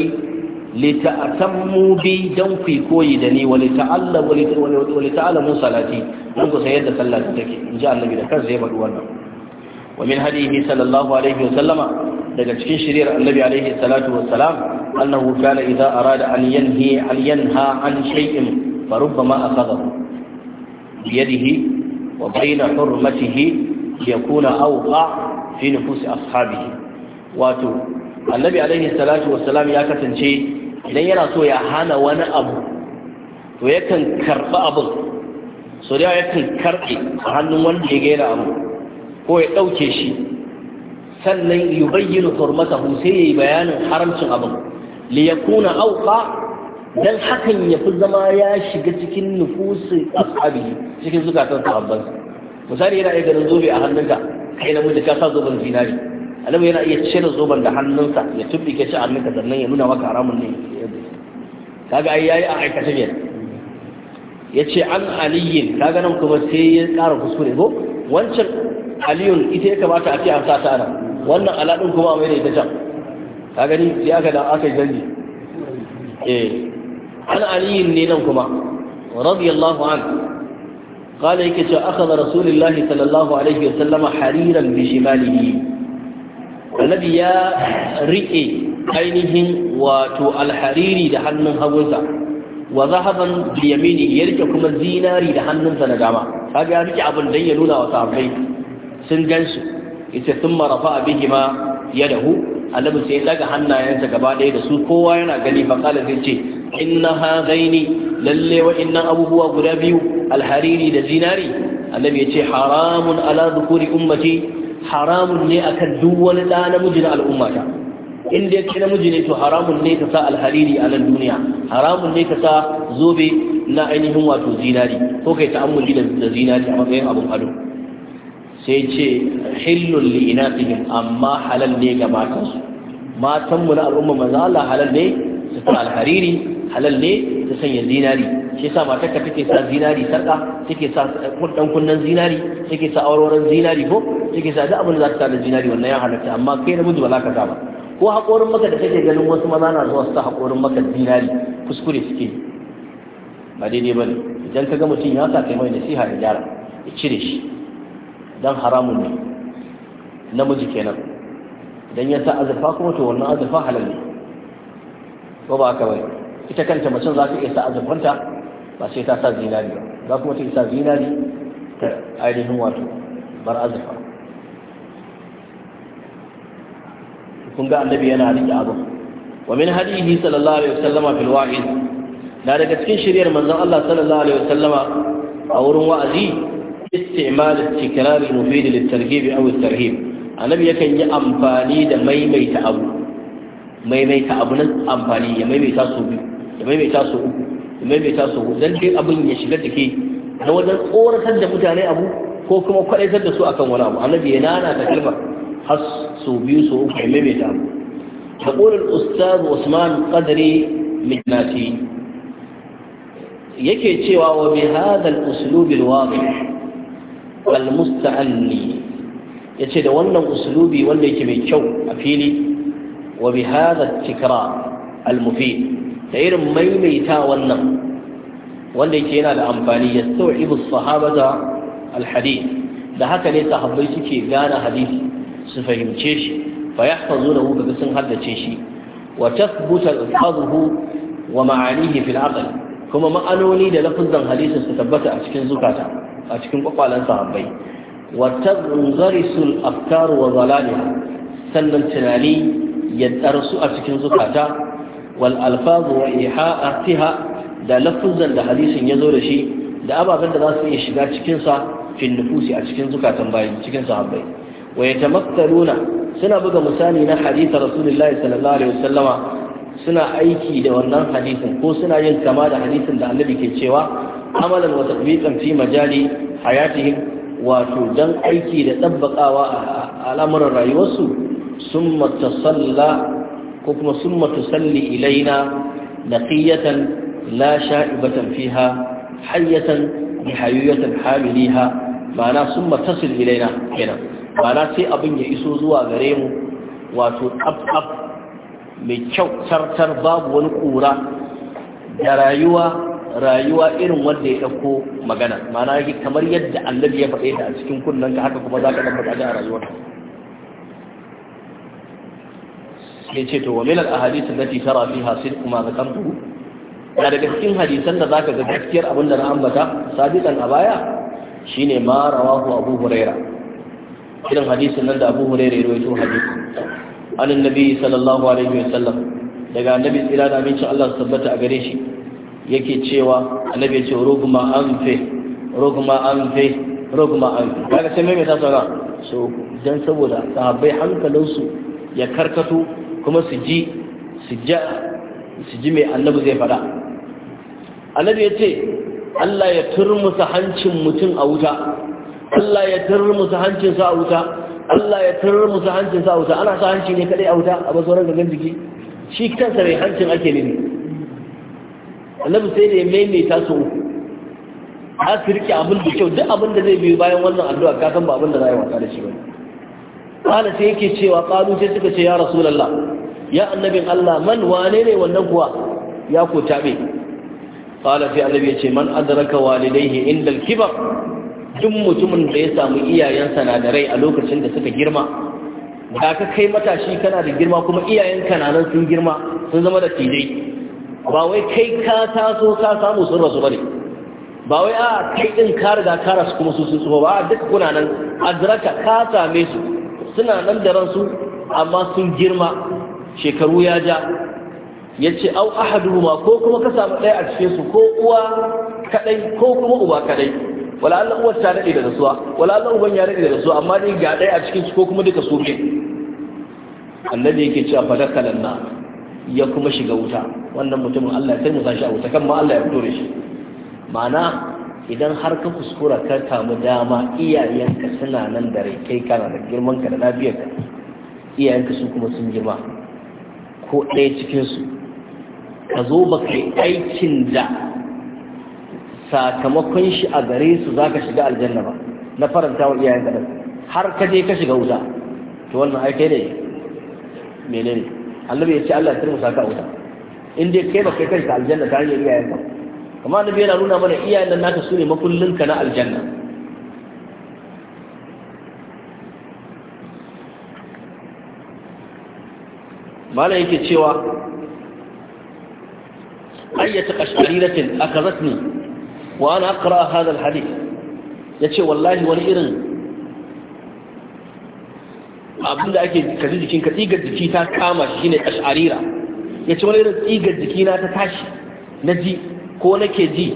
mu bi dan ku koyi da ni wa lita'allamu salati don ku sayar da sallah ta take in ji annabi da kansa ya faɗi wannan min hadihi sallallahu alaihi wa وسلم daga cikin shiriyar annabi alaihi salatu annahu kana idza arada an yanhi an yanha an shay'in akhadahu bi yadihi wa bayna hurmatihi yakuna awqa fi nufus ashabihi wato annabi alaihi salatu salam ya kasance idan yana so ya hana wani abu to yakan karba abin so da yakan karbe a hannun wanda ya gaira abu ko ya ɗauke shi sannan yi bayyana hurmatahu sai ya yi bayanin haramcin abin li ya kuna auka don hakan ya fi zama ya shiga cikin nufusin ashabi cikin zukatan sahabban misali yana iya ganin zobe a hannunka kai na mutu ka sa zoben zinari alamu yana iya cire zoben da hannunsa ya tubbike shi a hannunka sannan ya nuna maka haramun ne kaga ai yayi a aikata ne yace an aliyin kaga nan kuma sai ya ƙara kuskure ko wancan aliyun ita ya kamata a ce an ta ana wannan aladun din kuma mai da ita can ka gani sai aka da aka gani eh an aliyin ne nan kuma radiyallahu an قال يك اخذ رسول الله صلى الله عليه وسلم حريرا بشماله الذي ya رئي ainihin wato alhariri da hannun hagunsa wa zahaban yamini ya rike kuma zinari da hannunsa na dama kaga ya rike abin dan ya nuna wa sahabbai sun gansu ita sun marafa bihi ma ya dahu annabi sai ya daga hannayensa gaba ɗaya da su kowa yana gani fa kala zai ce inna hadaini lalle wa inna abubuwa guda biyu alhariri da zinari annabi ya ce haramun ala dhukuri ummati haramun ne akan duk wani da namiji na al'ummata in dai kai namiji ne to haramun ne ka sa alhariri a nan duniya haramun ne ka sa zobe na ainihin wato zinari ko kai ta'ammuli da zinari a matsayin abun ado sai ce hillul li inatihim amma halal ne ga matansu matan mu na al'umma maza Allah halal ne su ta alhariri halal ne su sanya zinari shi yasa matar ka take sa zinari sarka take sa dan kunnan zinari take sa auroran zinari ko take sa duk abin da za ta da zinari wannan ya halatta amma kai namiji ba za ka ba ko haƙorin maka da kake ganin wasu maza na zuwa su ta haƙorin maka zinari kuskure suke ba daidai ba ne idan ka ga mutum ya sa kai mai nasiha ya gyara ya cire shi dan haramun ne namiji kenan dan ya sa azurfa kuma to wannan azurfa halal ne ko ba haka bai ita kanta mace za ka iya sa azurfanta ba sai ta sa zinari ba za kuma ta sa zinari ta ainihin wato bar azurfa kun ga annabi yana rike abu wa min hadihi sallallahu alaihi wasallama fil wa'id na daga cikin shiryar manzon Allah sallallahu alaihi wasallama a wurin wa'azi istimal istikrar al-mufid lit-targhib aw at-tarhib annabi yakan yi amfani da maimaita abu maimaita abu nan amfani ya maimaita su biyu ya maimaita su uku ya maimaita su uku dan dai abin ya shiga na wajen tsoratar da mutane abu ko kuma kwadaitar da su akan wani abu annabi ya nana ta kalmar har su biyu su uku ya maimaita abu da ƙolin ustaz usman qadri min yake cewa wa bi hadha al-uslub al-wadih al-musta'alli yace da wannan uslubi wanda yake mai kyau a fili wa bi hadha tikrar al da irin maimaita wannan wanda yake yana da amfani yastawibu as-sahabata al-hadith da haka ne sahabbai suke gane hadisi su fahimce shi fa yahfazunahu kaga sun haddace shi wa tathbuta al-hadhu wa ma'anihi fil aql kuma ma'anoni da lafazan hadisin su tabbata a cikin zukata a cikin kwakwalen sahabbai wa sun afkar wa zalaliha sannan tunani ya tarsu a cikin zukata wal alfazu wa Artiha da lafuzan da hadisin ya zo da shi da ababen da za su iya shiga cikin sa fil nufusi a cikin zukatan bayi cikin sahabbai wa yatamakkaluna suna buga misali na hadisi rasulullahi sallallahu alaihi wasallama suna aiki da wannan hadisin ko suna yin kama da hadisin da annabi ke cewa amalan wa tatbiqan fi majali hayatihim wato dan aiki da tabbakawa a al'amuran rayuwarsu summa tasalla ko kuma summa tusalli ilaina naqiyatan la sha'ibatan fiha hayyatan bi hayyatan hamiliha ma'ana summa tasil ilaina kenan ma'ana sai abin ya iso zuwa gare mu wato tsaf mai kyau tartar babu wani kura da rayuwa rayuwa irin wanda ya ɗauko magana mana kamar yadda annabi ya faɗe ta a cikin kunnen ka haka kuma za ka ɗan faɗa a rayuwar ya ce to wa al ahadith allati tara fiha sidqu ma zakartu da daga cikin hadisan da zaka ga gaskiyar abin da na ambata sabiqan a baya shine ma rawahu abu huraira irin hadisin nan da abu huraira ya rawaito hadisi an annabi sallallahu alaihi wasallam daga annabi tsira da aminci Allah su tabbata a gare shi yake cewa annabi ce ruguma anfe ruguma anfe ruguma anfe kaga sai mai ta saura so dan saboda sahabbai hankalansu ya karkato kuma su ji su ja su ji mai annabi zai fada annabi ya ce Allah ya turmusa hancin mutum a wuta Allah ya turmusa sa a wuta Allah ya tarar musu hancin sa wuta ana sa hanci ne kadai a wuta a bazoran gangan jiki shi kansa mai hancin ake ne annabi sai da ya maimaita su a su rike abin da kyau duk abin da zai biyu bayan wannan addu'a ka san ba abin da za yi wasa da shi ba kala sai yake cewa kalu sai suka ce ya rasulullah ya annabin Allah man wane ne wannan kuwa ya ko tabe kala sai annabi ya ce man adraka walidayhi inda al-kibar duk mutumin da ya samu iyayensa na a lokacin da suka girma da ka kai matashi kana da girma kuma iyayen kananan sun girma sun zama da tijai ba wai kai ka taso ka samu sun rasu bane ba wai a kai din ka riga ka rasu kuma su sun tsufa ba duk kuna nan azraka ka same su suna nan da ransu amma sun girma shekaru ya ja ya ce au ahaduhuma ko kuma ka samu ɗaya a cikin su ko uwa kaɗai ko kuma uba kaɗai wala Allah uwar ta daɗe da rasuwa wala Allah uban ya daɗe da rasuwa amma dai ga ɗaya a cikin su ko kuma duka su biyu annabi yake cewa fa dakalan na ya kuma shiga wuta wannan mutumin Allah ya sanya shi a wuta kan ma Allah ya fito da shi ma'ana idan har ka kuskura ka kamu dama iyayenka suna nan da rai kai kana da girman ka da lafiyarka iyayenka su kuma sun girma ko ɗaya cikin su ka zo ba kai aikin da sakamakon shi a gare su za ka shiga aljanna ba na faranta wa iyayen kaɗan har ka je ka shiga wuta to wannan ai kai ne menene annabi ya ce Allah ya turmu saka wuta in dai kai ba kai kanka aljanna ta hanyar iyayen ka amma annabi yana nuna mana iyayen nan naka su ne makullin ka na aljanna malam yake cewa ayyata kasharilatin akazatni wa ana aqra hadha alhadith yace wallahi wani irin abin da ake kaji jikinka tsigar jiki ta kama shi ne Ya ce wani irin tsigar jikina na ta tashi na ji ko nake ji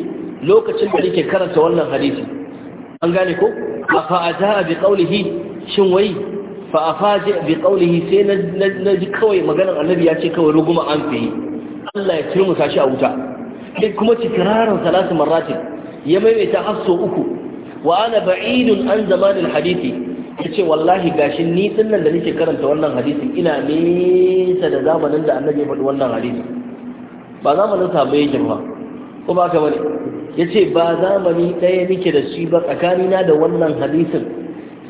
lokacin da nake karanta wannan hadisi an gane ko afa a bi qawlihi shin wai fa afaji bi qawlihi sai na ji kawai maganar annabi ya ce kawai ruguma an fi Allah ya turmusa shi a wuta duk kuma tikraran salatu marratin ya maimaita hasso uku wa ana ba'idun an zamanin hadisi ce wallahi gashi ni nan da nake karanta wannan hadisin ina nesa da zamanin da annabi ya faɗi wannan hadisin ba zamanin sa bai yake ba ko ba ka bane ce ba zamani ɗaya nake da shi ba tsakanina da wannan hadisin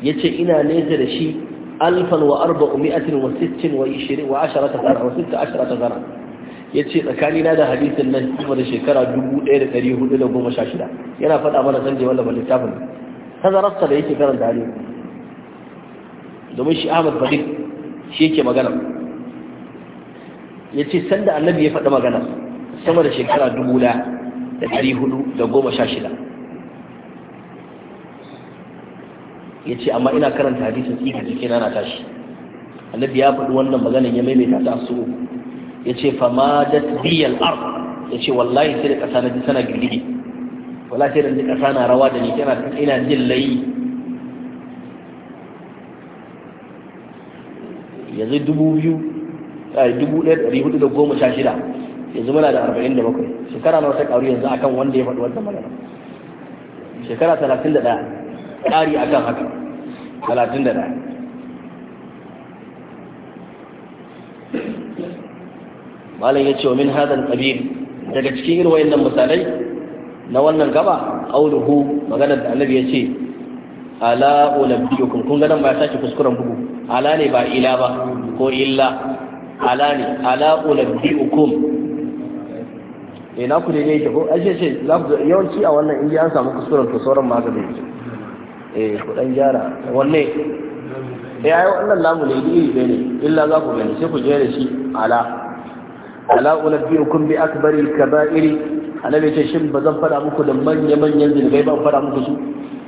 ce ina nesa da shi alfan wa arba'u mi'atin wa sittin wa ishirin wa asharata sana wa sitta asharata sana ya ce tsakanina da hadisin nan kuma da shekara 1416 yana faɗa mana zan je wallafa littafin tazararsa da yake karanta hadisi domin shi Ahmad Fadil shi yake magana ya ce sanda annabi ya faɗi magana sama da shekara 1416 ya ce amma ina karanta hadisin tsikin jikina na tashi annabi ya faɗi wannan maganin ya maimaita ta su ya ce fama da biyal ar ya ce wallahi sai da ƙasa na jin tana girgidi wallahi sai da jin ƙasa na rawa da ni tana ina jin layi yanzu dubu biyu dubu ɗaya ɗari hudu da goma sha shida yanzu muna da arba'in da bakwai shekara na wata ƙaru yanzu akan wanda ya faɗi wannan magana shekara talatin da ɗaya ƙari akan haka talatin da ɗaya malam ya ce wa min hadan qabil daga cikin irin wayannan misalai na wannan gaba qauluhu maganar da annabi ya ce ala unabiyukum kun ga nan ba ya sake kuskuren bugu ala ne ba ila ba ko illa ala ne ala unabiyukum eh na ku daidai ko a ce yawanci a wannan inji an samu kuskuren to sauran ma ga eh ku dan gyara wanne eh ayo wannan lamu ne iri ne illa za ku gani sai ku je da shi ala ala unabbiukum bi akbari kaba'iri annabi ce shin ba zan fada muku da manya manyan zunubai ba in fada muku su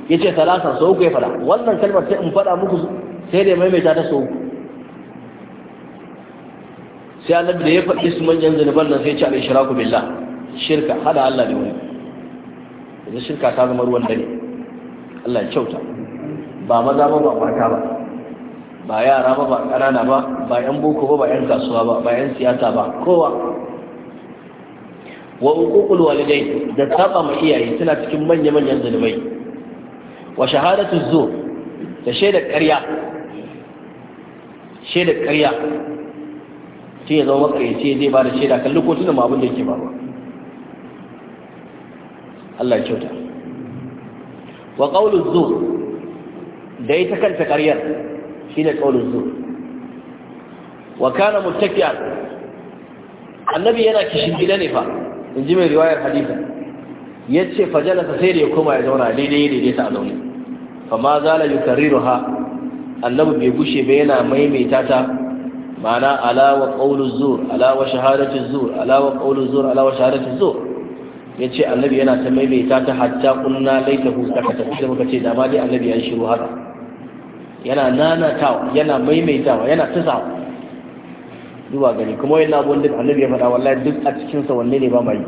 yace talata sau ku fada wannan kalmar sai in fada muku su sai da maimaita ta sau sai annabi da ya faɗi su manyan zunuban nan sai ya ce al-ishraku billah shirka hada Allah da wani yanzu shirka ta zama ruwan dare Allah ya kyauta ba maza ba ba mata ba ba yara ba ba ƙanana ba ba 'yan boko ba ba 'yan kasuwa ba ba 'yan siyasa ba kowa wa hukukul walidai da saba ma iyaye suna cikin manya-manyan zulmai wa shahadatu zur da shaida ƙarya shaida ƙarya sai ya zama makaryaci zai ba da shaida kan lokacin da ma abin da yake ba Allah ya kyauta wa qawlu zur da ita kanta ƙaryar shine kaulin su wa kana muttaki'an annabi yana kishin gida ne fa in ji mai riwayar hadisi yace fa ta sai da ya koma ya zauna daidai daidai ta zaune fa ma zala yukarriruha annabi bai gushe ba yana maimaita ta ma'ana ala wa qaulu zur ala wa shahadatu zur ala wa qaulu zur ala wa zur yace annabi yana ta maimaita ta hatta kunna laitahu sakata sai muka ce da ma dai annabi ya shiru haka yana nanatawa yana maimaitawa yana tusa. zuwa gani kuma yana abubuwan da annabi ya faɗa wallahi duk a cikinsa wanne ne ba ma yi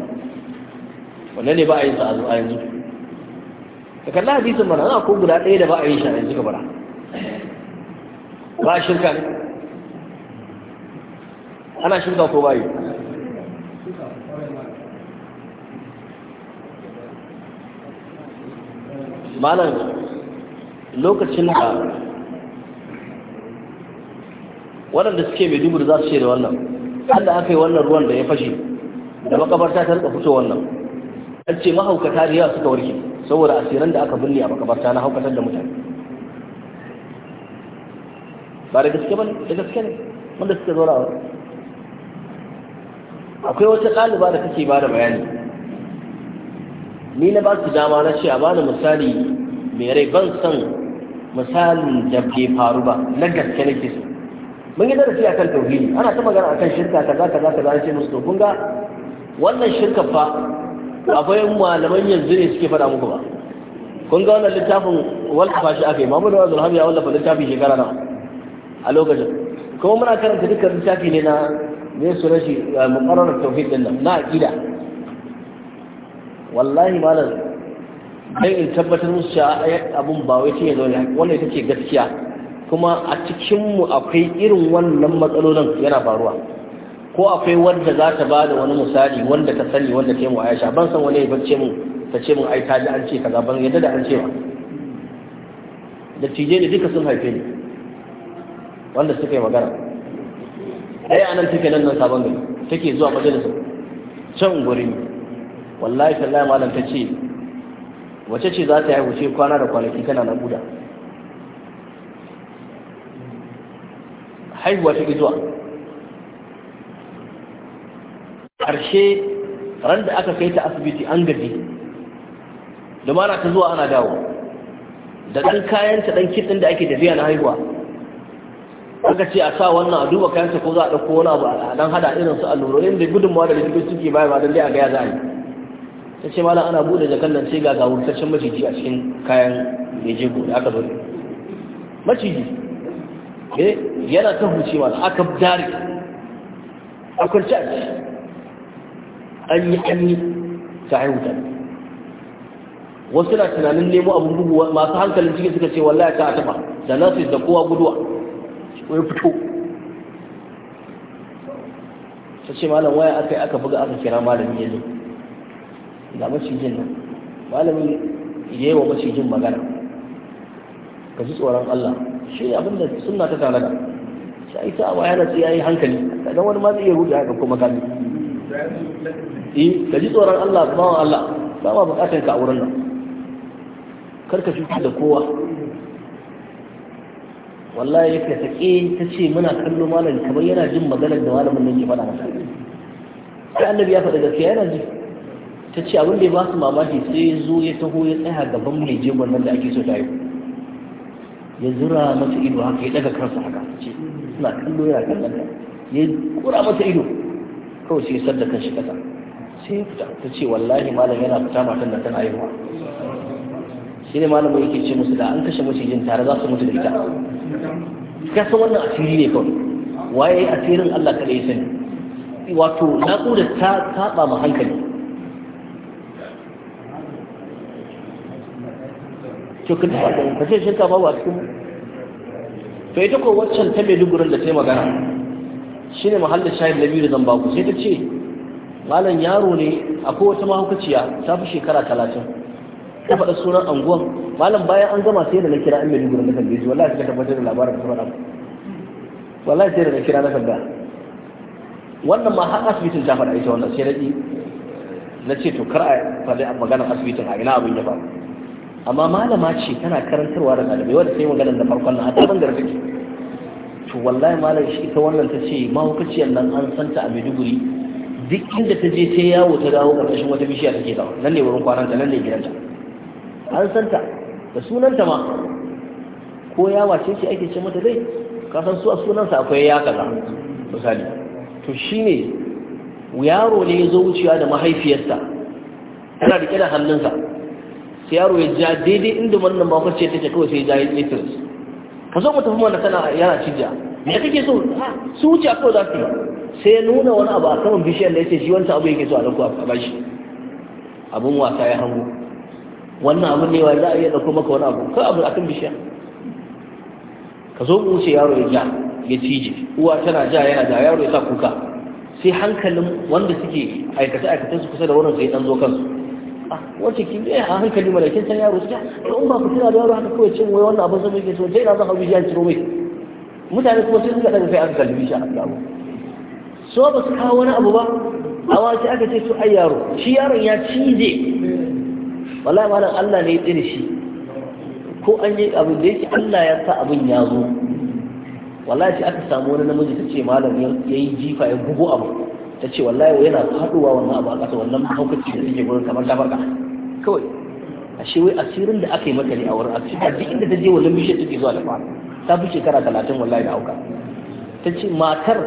wanne ne ba a yin sa a yanzu ka kalla hadisin mana za ko guda ɗaya da ba a yin shi a yanzu ka bara ba shirka ne ana shirka ko ba yi malam lokacin da waɗanda suke mai dubur za su ce da wannan Allah aka yi wannan ruwan da ya fashe da makabarta ta rika fito wannan an ce mahaukata da yawa suka warke saboda asiran da aka binne a makabarta na haukatar da mutane ba da gaske ba da gaske ne wanda suka zo rawa akwai wata ɗaliba da take ba da bayani ni na ba su dama na ce a da misali mai rai ban san misalin da ke faru ba na gaske nake so mun yi darasi akan tauhidi ana ta magana akan shirka kaza kaza kaza an ce musu to kun ga wannan shirka fa akwai malaman yanzu ne suke faɗa muku ba kun ga wannan littafin wallafa shi aka yi mamu da wazir hamiya wallafa littafi shekara nawa a lokacin kuma muna karanta dukkan littafi ne na ne su rashi eh, mukarar tauhid din nan na aqida wallahi malam dai in tabbatar musu cewa abun ba wai ce ne wannan ita ce gaskiya kuma a cikinmu akwai irin wannan matsalolin yana faruwa ko akwai wanda za ta ba da wani misali wanda ta sani wanda ta yi mu aisha ban san wani ya ce mu ta ce mu ai ta ji an ce kaza ban yadda da an ce ba da tije ne duka sun haife ni wanda suka yi magana ɗaya anan take nan nan sabon gari take zuwa majalisar can guri wallahi tallahi malam ta ce wace ce za ta yi wuce kwana da kwanaki tana na buda haihuwa ta zuwa ƙarshe ran da aka kai ta asibiti an gaji da mara ta zuwa ana dawo da ɗan kayanta ɗan kitin da ake da na haihuwa aka ce a sa wannan a duba kayansa ko za a ɗauko wani abu a ɗan hada irin su allurorin da gudunmawa da likitoci suke baya ba don dai a gaya za a yi ta ce malam ana buɗe jakan nan sai ga gawurtaccen maciji a cikin kayan ya jego da aka zo maciji eh yana ta hucewa aka dare a kwanci a an yi an yi ta haihuta wasu na tunanin nemo abin bugu masu hankalin cikin suka ce wallaya ta taba da nasu da kowa guduwa wai fito ta ce malam waya aka yi aka buga aka kira malami ya zo ga macijin nan malami ya yi wa macijin magana ka ji tsoron allah shi ne abin da suna ta da shi ita a yana ya yi hankali don wani ma zai iya hudu haka kuma kan eh ka ji tsoron Allah wa Allah ba ma bukatar ka a wurin nan kar ka shuka da kowa wallahi yake take ta ce muna kallo malam kamar yana jin maganar da malamin nan ke faɗa masa sai annabi ya faɗa gaskiya yana ji ta ce abin da ya ba su mamaki sai zo ya taho ya tsaya gaban mai jebon nan da ake so ta yi ya zura masa ido haka ya daga kansa haka ce suna kallo ya kallon ta ya kura masa ido kawai sai ya sadda kan shi kasa sai ya fita ta ce wallahi malam yana fita matan da tana haihuwa shi ne malamin yake ce musu da an kashe macijin tare za su mutu da ita Ya san wannan asiri ne kawai waye asirin Allah kada ya sani wato naƙuda ta saba ma hankali to ka tafi da ka ce shirka babu a cikin to ita ko waccan ta Maiduguri da ta yi magana shine mahallin shahid da Zambaku sai ta ce malam yaro ne akwai wata mahaukaciya ta fi shekara talatin ta faɗa sunan anguwan malam bayan an gama sai da na kira an Maiduguri na tambaye su wallahi sai ka tabbatar da labarin da ta wallahi sai da na kira na tambaya wannan ma har asibitin ta faɗa ita wannan sai na na ce to kar a faɗi maganar asibitin a ina abin ya faru amma malama ce tana karantarwa da ɗalibai wanda sai magana da farkon nan a taban da ke to wallahi malam shi ta wannan ta ce mahaukaciyar nan an santa a maiduguri duk inda ta je ta yawo ta dawo ƙarƙashin wata bishiya take zama nan ne wurin kwananta nan ne gidanta an santa da sunanta ma ko yawa ce ce ake ce mata dai ka san su a sunansa akwai ya kaza misali to shine yaro ne ya zo wucewa da mahaifiyarsa tana riƙe da hannunsa yaro ya ja daidai inda wannan bakon ce take kawai sai ya ja yi tsaye ka zo mu tafi mana kana yana cija me kake so su wuce kawai za su yi sai ya nuna wani abu a saman bishiyar da ce shi wancan abu yake so a dauko a bashi abun wasa ya hango wannan abun ne wai za a iya dauko maka wani abu ko abu a kan bishiya ka zo mu wuce yaro ya ja ya cije uwa tana ja yana ja yaro ya sa kuka sai hankalin wanda suke aikace aikacen su kusa da wurin sai dan zo kansu wace ki ne a hankali mana kin yaro sai to in ba ku tana da yaro haka kawai cin wai wannan abin sai yake so sai na zaka bijiya ciro mai mutane kuma sai suka daga kai aka kalbi shi a kawo so ba su kawo wani abu ba a wace aka ce su ai yaro shi yaron ya cize wallahi malam Allah ne ya tsire shi ko an yi abu da yake Allah ya sa abin ya zo wallahi aka samu wani namiji ta ce malam ya yi jifa ya gugu abu ta ce wallahi yana faduwa wannan abu a ƙasa wannan mahaukaci da suke gurin kamar tabarka kawai ashe wai asirin da aka yi mata ne a wurin asirin duk inda ta je wannan bishiyar take zuwa da fara ta fi shekara talatin wallahi da auka ta ce matar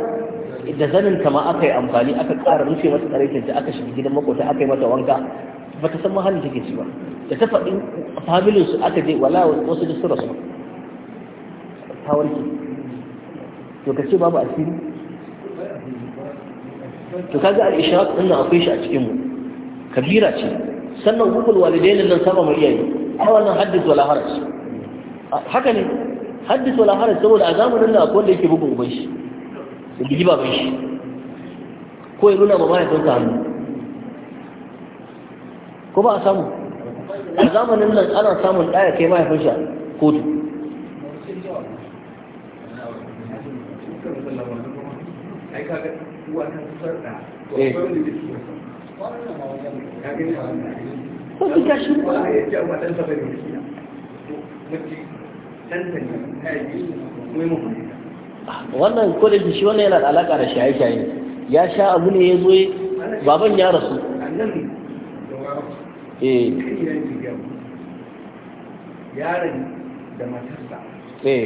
da zanin ta ma aka yi amfani aka ƙara rufe mata tsaraitin ta aka shiga gidan makota aka yi mata wanka ba ta san mahalin take ci ba da ta faɗi familin su aka je wala wasu da su rasu ta warke to ka ce babu asiri to kaga al-ishraq din akwai shi a cikin mu kabira ce sannan hukul walidain nan saba mu iyaye ai wannan haddith wala haraj haka ne haddith wala haraj saboda a zamanin da akwai wanda yake bugun uban shi da biji baban shi ko ya nuna ma mahaifinsa hannu ko ba a samu a zamanin nan ana samun ɗaya kai mahaifinsa kotu ai kaga Eh. shi ne shi wannan ko da shi wannan yana da alaka da shaye-shaye ya sha abu ne ya zo baban ya rasu eh. yaron da matasa. Eh.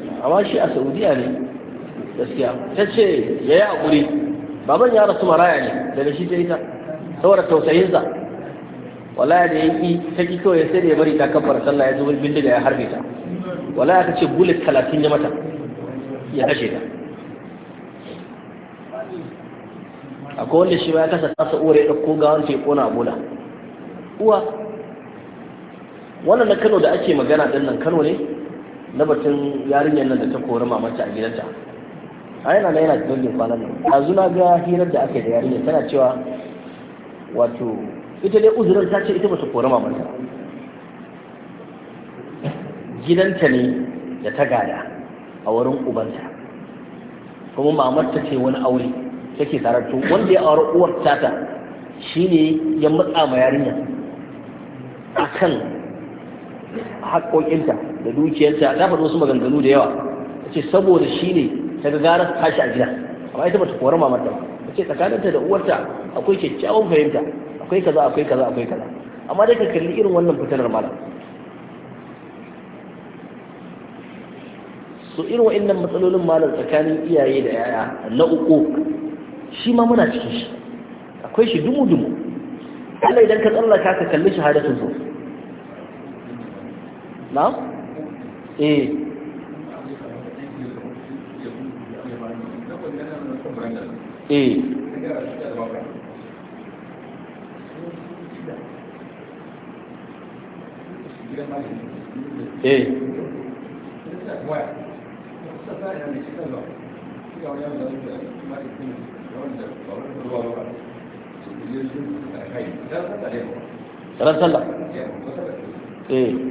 amma shi a saudiya ne gaskiya ta ce ya yi haƙuri baban ya rasu maraya ne daga shi ta ita saboda tausayinsa wala da ya yi ta ki kawai sai da ya bari ta kafar sallah ya zubar bindiga ya harbe ta wala ta ce bullet talatin ya mata ya kashe ta akwai wanda shi ya kasa tasa uwar ya ɗauko ga wanda ya ƙona bola uwa wannan na kano da ake magana ɗin nan kano ne na batun yarinyar nan da ta kori mamata a gidanta a yana na yana dole kwanan nan yanzu na ga hirar da aka yi da yarinyar tana cewa wato ita dai uzurin ta ce ita ba ta kori mamata gidanta ne da ta gada a wurin ubanta kuma mamar ce wani aure take tare to wanda ya auri uwar tata shine ya matsa ma a akan haƙoƙinta da dukiyarta ta faɗi wasu maganganu da yawa ta ce saboda shi ne ta ga gara ta tashi a gida amma ita bata kori mamarta ba ta ce tsakaninta da uwarta akwai kyakkyawan fahimta akwai kaza akwai kaza akwai kaza amma dai ka kalli irin wannan fitanar malam so irin wa'annan matsalolin malam tsakanin iyaye da yaya na uku shi ma muna cikin shi akwai shi dumu dumu Allah idan ka tsallaka ka kalli shahadatun zuwa na? eh eh eh eh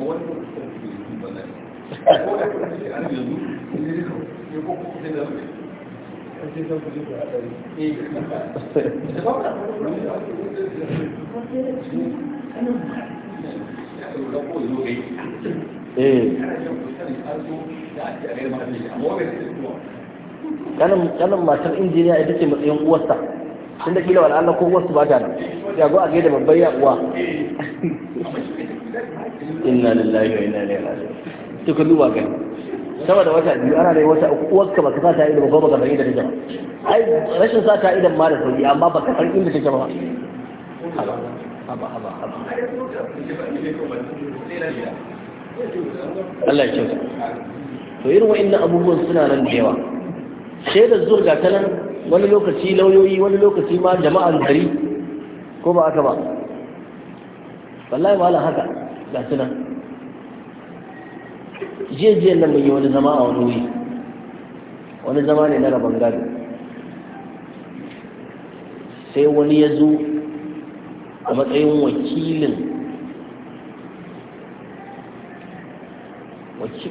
Eh. Eh. kanan matar injiniya ita ce matsayin uwarsa tun da kila wal'alla ko uwarsu ba ta nan go a gaida babbar inna lillahi wa inna ilaihi raji'un to ka duba kai sama da wata biyu ana da wata uku uwarka baka sa ta idan ba baka san inda take ba ai rashin sa ta idan ma da sauki amma baka san inda take ba Allah ya kyauta to irin wa'annan abubuwan suna nan da yawa shaidar zurga ta nan wani lokaci lauyoyi wani lokaci ma jama'an gari ko ba aka ba wallahi ma haka ga tunan jiyajiyar nan mun yi wani zama a wani wuri wani zama ne na rabon gado sai wani ya zo a matsayin wakilin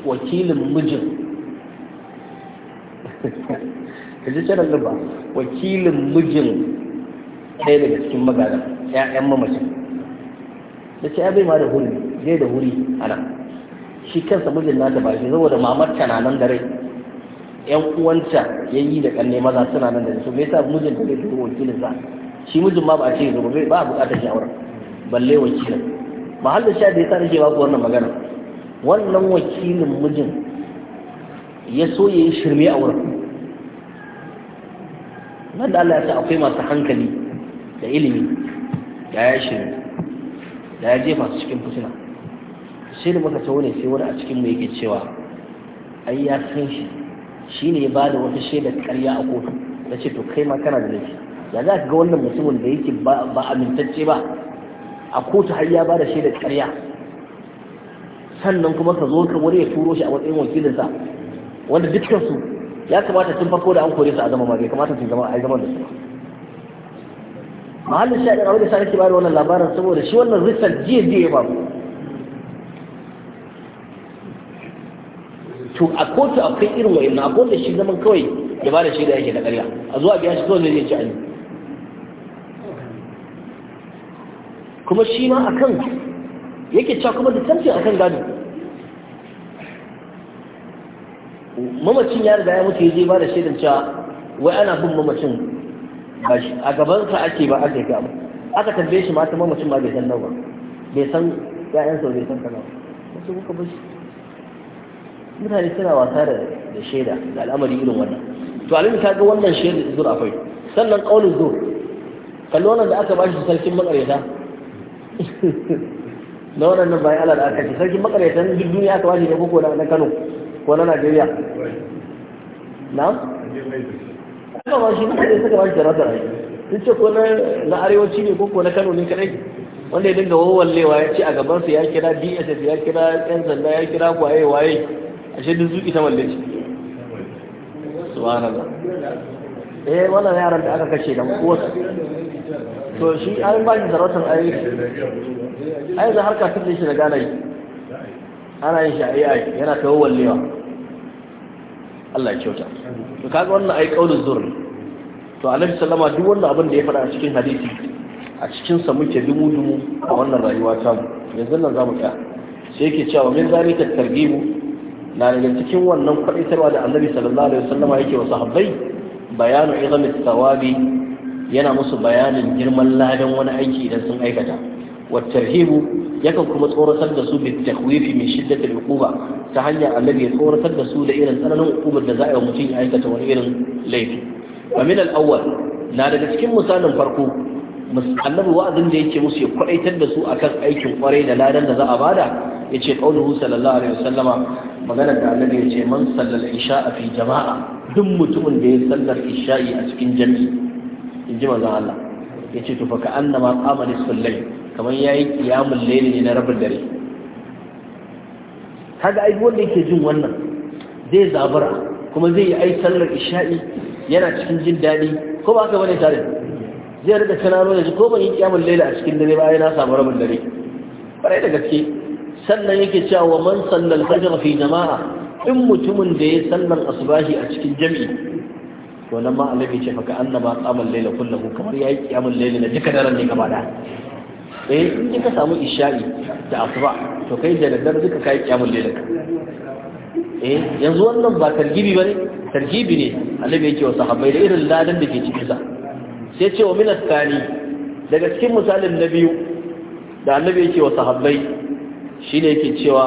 wakilin mijin [LAUGHS] ka ji shirin ba wakilin mijin ɗaya daga cikin magana 'ya'yan mamacin da ce ya bai ma da huri zai da huri ana shi kansa mijin nata ba shi saboda mamar ta nan da rai yan uwanta yi da kanne maza suna nan da su me yasa mijin da zai turo wakilin sa shi mijin ma ba a ce zo ba ba a bukatar shawara balle wakilin mahallin sha da yasa nake ba ku wannan magana wannan wakilin mijin ya so ya yi shirme a wurin nan da Allah ya sa akwai masu hankali da ilimi ya ya shirme da ya jefa su cikin fitina shi ne muka taune sai wani a cikin mai yake cewa ai ya san shi shi ne ba da wata shaidar karya a kotu na ce to kai ma kana da laifi ya za ka ga wannan mutumin da yake ba amintacce ba a kotu har ya ba da shaidar karya sannan kuma ka zo ka wani ya turo shi a matsayin wakilinsa wanda dukkan su ya kamata tun farko da an kore su a zama ma bai kamata su zama a zama da su mahallin shaɗin abin da sa nake bayar wannan labarin saboda shi wannan risal jiya jiya ba mu to a kotu akwai irin wa'in na akwai da shi zaman kawai ya ba da da yake da ƙarya a zuwa biya shi kawai zai ci ayi kuma shi ma a kan yake cewa kuma da tantin a kan gado mamacin ya riga ya mutu ya je ba da shaidan cewa wai ana bin mamacin A gaban a gabansa ake ba aka yi ba aka tambaye shi mata mamacin ma bai san nawa bai san ya'yansa bai san kana su kuka bashi mutane suna wasa da shaida da al'amari irin wannan to alimi ta ga wannan shaida zur akwai sannan kaulin zo kallon wannan da aka bashi sarkin makareta [LAUGHS] na wannan bayan Allah da aka ce sarkin makaretan duk duniya aka bashi da koko na Kano ko na Najeriya na'am suka ba shi ne suka ba shi tara tara duk ce ko na arewaci ne ko na kano ne kadai wanda ya dinga wawallewa ya ce a gabansa ya kira dss ya kira yan sanda ya kira waye waye ashe duk zuki ta mallaci subhanallah eh wannan yaran da aka kashe da kowace to shi an ba shi sarautar ai ai za harka tun da shi da gana yi ana yin shi a ai yana ta wawallewa Allah ya kyauta to kaga wannan ai kaulin zurri to alaihi sallama duk wannan abin da ya faɗa a cikin hadisi a cikin sa muke dumu dumu a wannan rayuwa ta mu yanzu nan zamu tsaya sai yake cewa min zalika targibu na daga cikin wannan kwadaitarwa da annabi sallallahu alaihi wasallama yake wa sahabbai bayanu izami tsawabi yana musu bayanin girman ladan wani aiki idan sun aikata wa tarhibu yakan kuma tsoratar da su bi takwifi min shiddati al-uquba ta hanya annabi ya tsoratar da su da irin tsananin uqubar da za a yi mutum ya aikata wani irin laifi Aminal min na daga cikin misalin farko annabi wa'azin da yake musu ya kwadaitar da su akan aikin kwarai da ladan da za a bada yace qauluhu sallallahu alaihi wasallama magana da annabi yace man sallal isha'a fi jama'a duk mutumin da ya sallar isha'i a cikin jami'i inji manzon Allah yace to fa ka annama qama lis-sallai kamar yayi qiyamul layli ne na rabin dare kaga ai wanda yake jin wannan zai zabura kuma zai yi ai sallar isha'i yana cikin jin daɗi ko ba ka bane tare zai rika tunano da ko ban yi kiyamun laila a cikin dare ba yana samu rabin dare ƙwarai da gaske sannan yake cewa wa man sallal fajr fi jama'a in mutumin da ya sallar asubahi a cikin jami'i to nan ma annabi ce fa ka annaba qamal laila kullahu kamar yayi kiyamul laila na duka daren ne gaba da eh in ka samu isha'i da asuba to kai da daddare duka kai kiyamul laila eh yanzu wannan ba targibi bane targibi ne annabi yake wa sahabbai da irin ladan da ke cikin sa sai ce wa min al-thani daga cikin misalin na biyu da annabi yake wa sahabbai shine yake cewa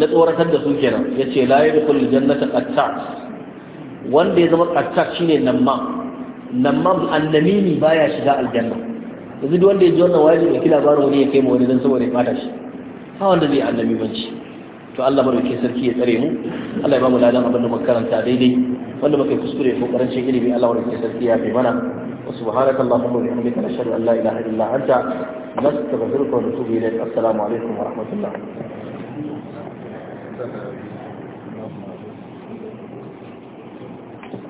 na tsoratar da su kenan yace la yadkhul jannata qatta wanda ya zama qatta shine nan ma nan ma annamimi baya shiga aljanna yanzu duk wanda ya ji wannan wajibi ya kila baro ne ya kai mu wani dan saboda ya fata shi ha wanda zai annabi banci to Allah madaukakin sarki ya tsare mu Allah ya ba mu ladan abin da muka karanta daidai wanda muka kuskure ko karancin ilimi Allah madaukakin sarki ya fi mana wa subhanaka allahumma wa bihamdika nashhadu an la ilaha illa anta nastaghfiruka wa natubu ilayk assalamu alaikum wa rahmatullah